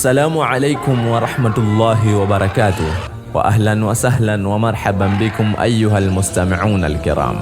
Assalamu alaikum warahmatullahi wabarakatuh wa ahlan wa sahlan wa marhaban bikum ayuha almustamiun alkiram,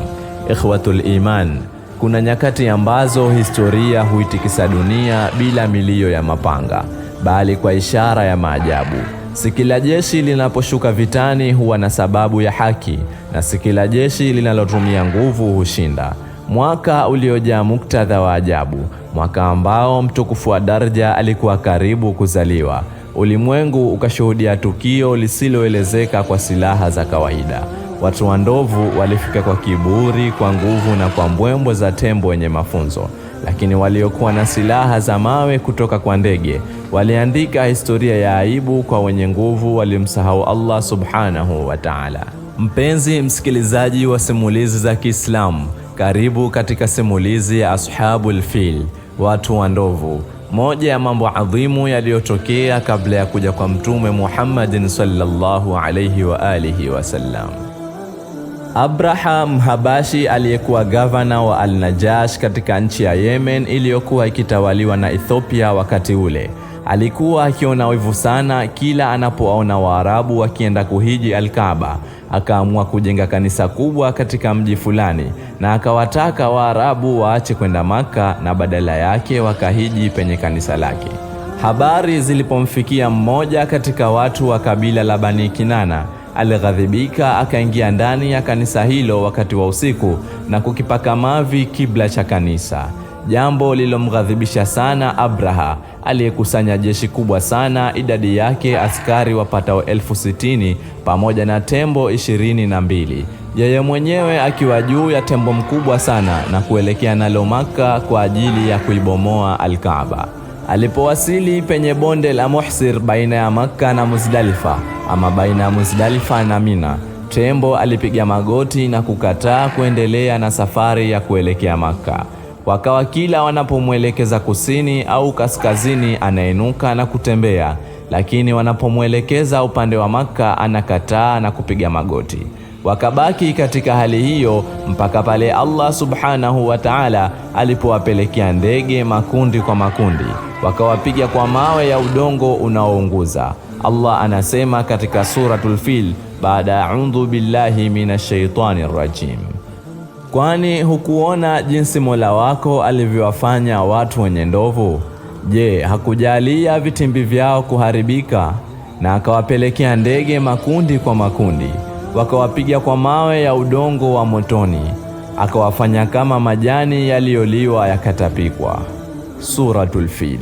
ikhwatu liman. Kuna nyakati ambazo historia huitikisa dunia bila milio ya mapanga, bali kwa ishara ya maajabu. Si kila jeshi linaposhuka vitani huwa na sababu ya haki, na si kila jeshi linalotumia nguvu hushinda mwaka uliojaa muktadha wa ajabu, mwaka ambao mtukufu wa daraja alikuwa karibu kuzaliwa. Ulimwengu ukashuhudia tukio lisiloelezeka kwa silaha za kawaida. Watu wa ndovu walifika kwa kiburi, kwa nguvu na kwa mbwembwe za tembo wenye mafunzo, lakini waliokuwa na silaha za mawe kutoka kwa ndege waliandika historia ya aibu kwa wenye nguvu, walimsahau Allah subhanahu wa ta'ala. Mpenzi msikilizaji wa simulizi za Kiislamu, karibu katika simulizi ya Ashabul Fil, watu wa ndovu. Moja ya mambo adhimu yaliyotokea kabla ya kuja kwa Mtume Muhammadin sallallahu alayhi wa alihi wasallam. Abraha Mhabashi aliyekuwa gavana wa Al-Najash katika nchi ya Yemen iliyokuwa ikitawaliwa na Ethiopia wakati ule Alikuwa akiona wivu sana kila anapoona Waarabu wakienda kuhiji alkaba Akaamua kujenga kanisa kubwa katika mji fulani, na akawataka Waarabu waache kwenda Maka na badala yake wakahiji penye kanisa lake. Habari zilipomfikia mmoja katika watu wa kabila la Bani Kinana, alighadhibika akaingia ndani ya kanisa hilo wakati wa usiku na kukipaka mavi kibla cha kanisa jambo lililomghadhibisha sana Abraha aliyekusanya jeshi kubwa sana, idadi yake askari wapatao elfu sitini pamoja na tembo ishirini na mbili yeye mwenyewe akiwa juu ya tembo mkubwa sana na kuelekea nalo Maka kwa ajili ya kuibomoa Alkaaba. Alipowasili penye bonde la Muhsir baina ya Makka na Muzdalifa, ama baina ya Muzdalifa na Mina, tembo alipiga magoti na kukataa kuendelea na safari ya kuelekea Makka wakawa kila wanapomwelekeza kusini au kaskazini anainuka na kutembea, lakini wanapomwelekeza upande wa Makka anakataa na kupiga magoti. Wakabaki katika hali hiyo mpaka pale Allah subhanahu wa ta'ala alipowapelekea ndege makundi kwa makundi, wakawapiga kwa mawe ya udongo unaounguza. Allah anasema katika Suratul Fil baada ya audhu billahi minash shaitani rajim Kwani hukuona jinsi Mola wako alivyowafanya watu wenye ndovu? Je, hakujalia vitimbi vyao kuharibika, na akawapelekea ndege makundi kwa makundi, wakawapiga kwa mawe ya udongo wa motoni, akawafanya kama majani yaliyoliwa yakatapikwa. Suratul Fil.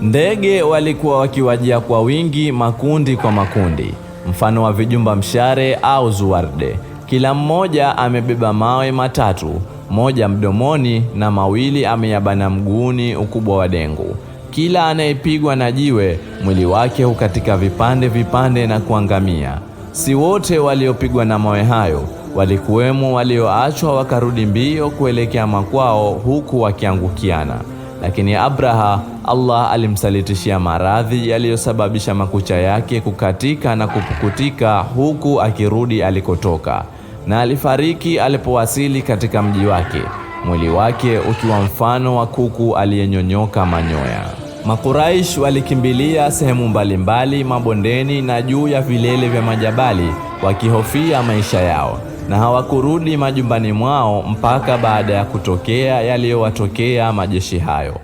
Ndege walikuwa wakiwajia kwa wingi, makundi kwa makundi, mfano wa vijumba mshare au zuwarde kila mmoja amebeba mawe matatu, moja mdomoni na mawili ameyabana mguuni, ukubwa wa dengu. Kila anayepigwa na jiwe mwili wake hukatika vipande vipande na kuangamia. Si wote waliopigwa na mawe hayo, walikuwemo walioachwa wakarudi mbio kuelekea makwao, huku wakiangukiana. Lakini Abraha Allah alimsalitishia maradhi yaliyosababisha makucha yake kukatika na kupukutika huku akirudi alikotoka, na alifariki alipowasili katika mji wake, mwili wake ukiwa mfano wa kuku aliyenyonyoka manyoya. Makuraish walikimbilia sehemu mbalimbali, mabondeni na juu ya vilele vya majabali wakihofia maisha yao, na hawakurudi majumbani mwao mpaka baada ya kutokea yaliyowatokea majeshi hayo.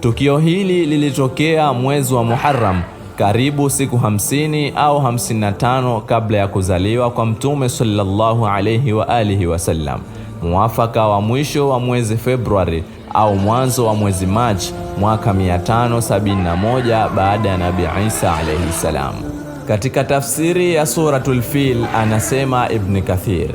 Tukio hili lilitokea mwezi wa Muharram, karibu siku hamsini au hamsini na tano kabla ya kuzaliwa kwa Mtume sallallahu alayhi wa alihi wasallam, muwafaka wa mwisho wa mwezi Februari au mwanzo wa mwezi Machi mwaka 571 baada ya Nabii Isa alayhi salam. Katika tafsiri ya Suratul Fil anasema Ibn Kathir,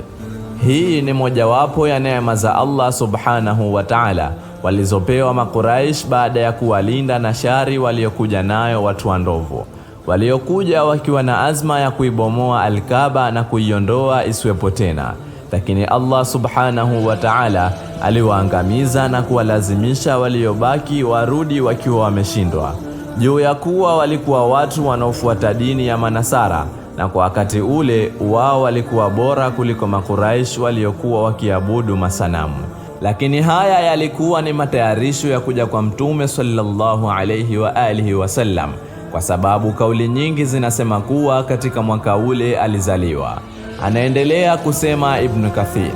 hii ni mojawapo ya neema za Allah subhanahu wa ta'ala walizopewa Makuraish baada ya kuwalinda na shari waliokuja nayo watu wa ndovu, waliokuja wakiwa na azma ya kuibomoa Alkaba na kuiondoa isiwepo tena, lakini Allah subhanahu wa ta'ala aliwaangamiza na kuwalazimisha waliobaki warudi wakiwa wameshindwa juu ya kuwa walikuwa watu wanaofuata dini ya Manasara, na kwa wakati ule wao walikuwa bora kuliko makuraishi waliokuwa wakiabudu masanamu. Lakini haya yalikuwa ni matayarisho ya kuja kwa Mtume sallallahu alayhi wa alihi wasallam, kwa sababu kauli nyingi zinasema kuwa katika mwaka ule alizaliwa. Anaendelea kusema Ibnu Kathir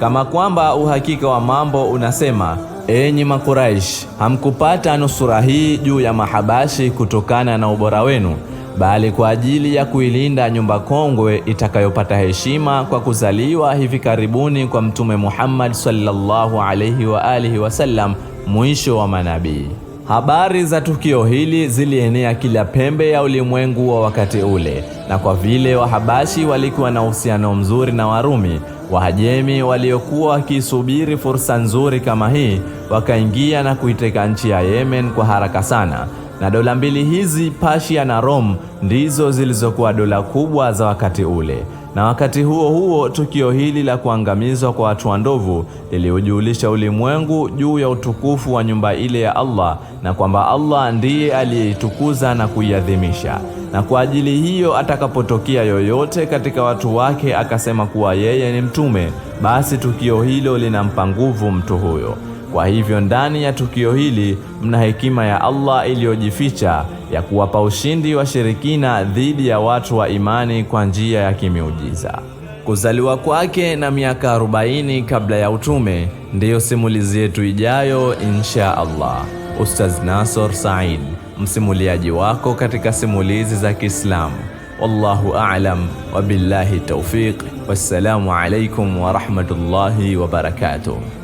kama kwamba uhakika wa mambo unasema Enyi Makuraishi, hamkupata nusura hii juu ya Mahabashi kutokana na ubora wenu, bali kwa ajili ya kuilinda nyumba kongwe itakayopata heshima kwa kuzaliwa hivi karibuni kwa Mtume Muhammad sallallahu alaihi wa alihi wasallam, mwisho wa manabii. Habari za tukio hili zilienea kila pembe ya ulimwengu wa wakati ule, na kwa vile Wahabashi walikuwa na uhusiano mzuri na Warumi, Wahajemi waliokuwa wakisubiri fursa nzuri kama hii wakaingia na kuiteka nchi ya Yemen kwa haraka sana, na dola mbili hizi, Persia na Rome, ndizo zilizokuwa dola kubwa za wakati ule. Na wakati huo huo, tukio hili la kuangamizwa kwa watu wa ndovu liliujulisha ulimwengu juu ya utukufu wa nyumba ile ya Allah na kwamba Allah ndiye aliyeitukuza na kuiadhimisha. Na kwa ajili hiyo, atakapotokea yoyote katika watu wake akasema kuwa yeye ni mtume, basi tukio hilo linampa nguvu mtu huyo. Kwa hivyo ndani ya tukio hili mna hekima ya Allah iliyojificha ya kuwapa ushindi washirikina dhidi ya watu wa imani kwa njia ya kimiujiza. Kuzaliwa kwake na miaka 40 kabla ya utume ndiyo simulizi yetu ijayo, insha Allah. Ustaz Nasor Said, msimuliaji wako katika simulizi za Kiislamu. Wallahu a'lam wa billahi tawfiq. Wassalamu alaykum wa rahmatullahi wa barakatuh.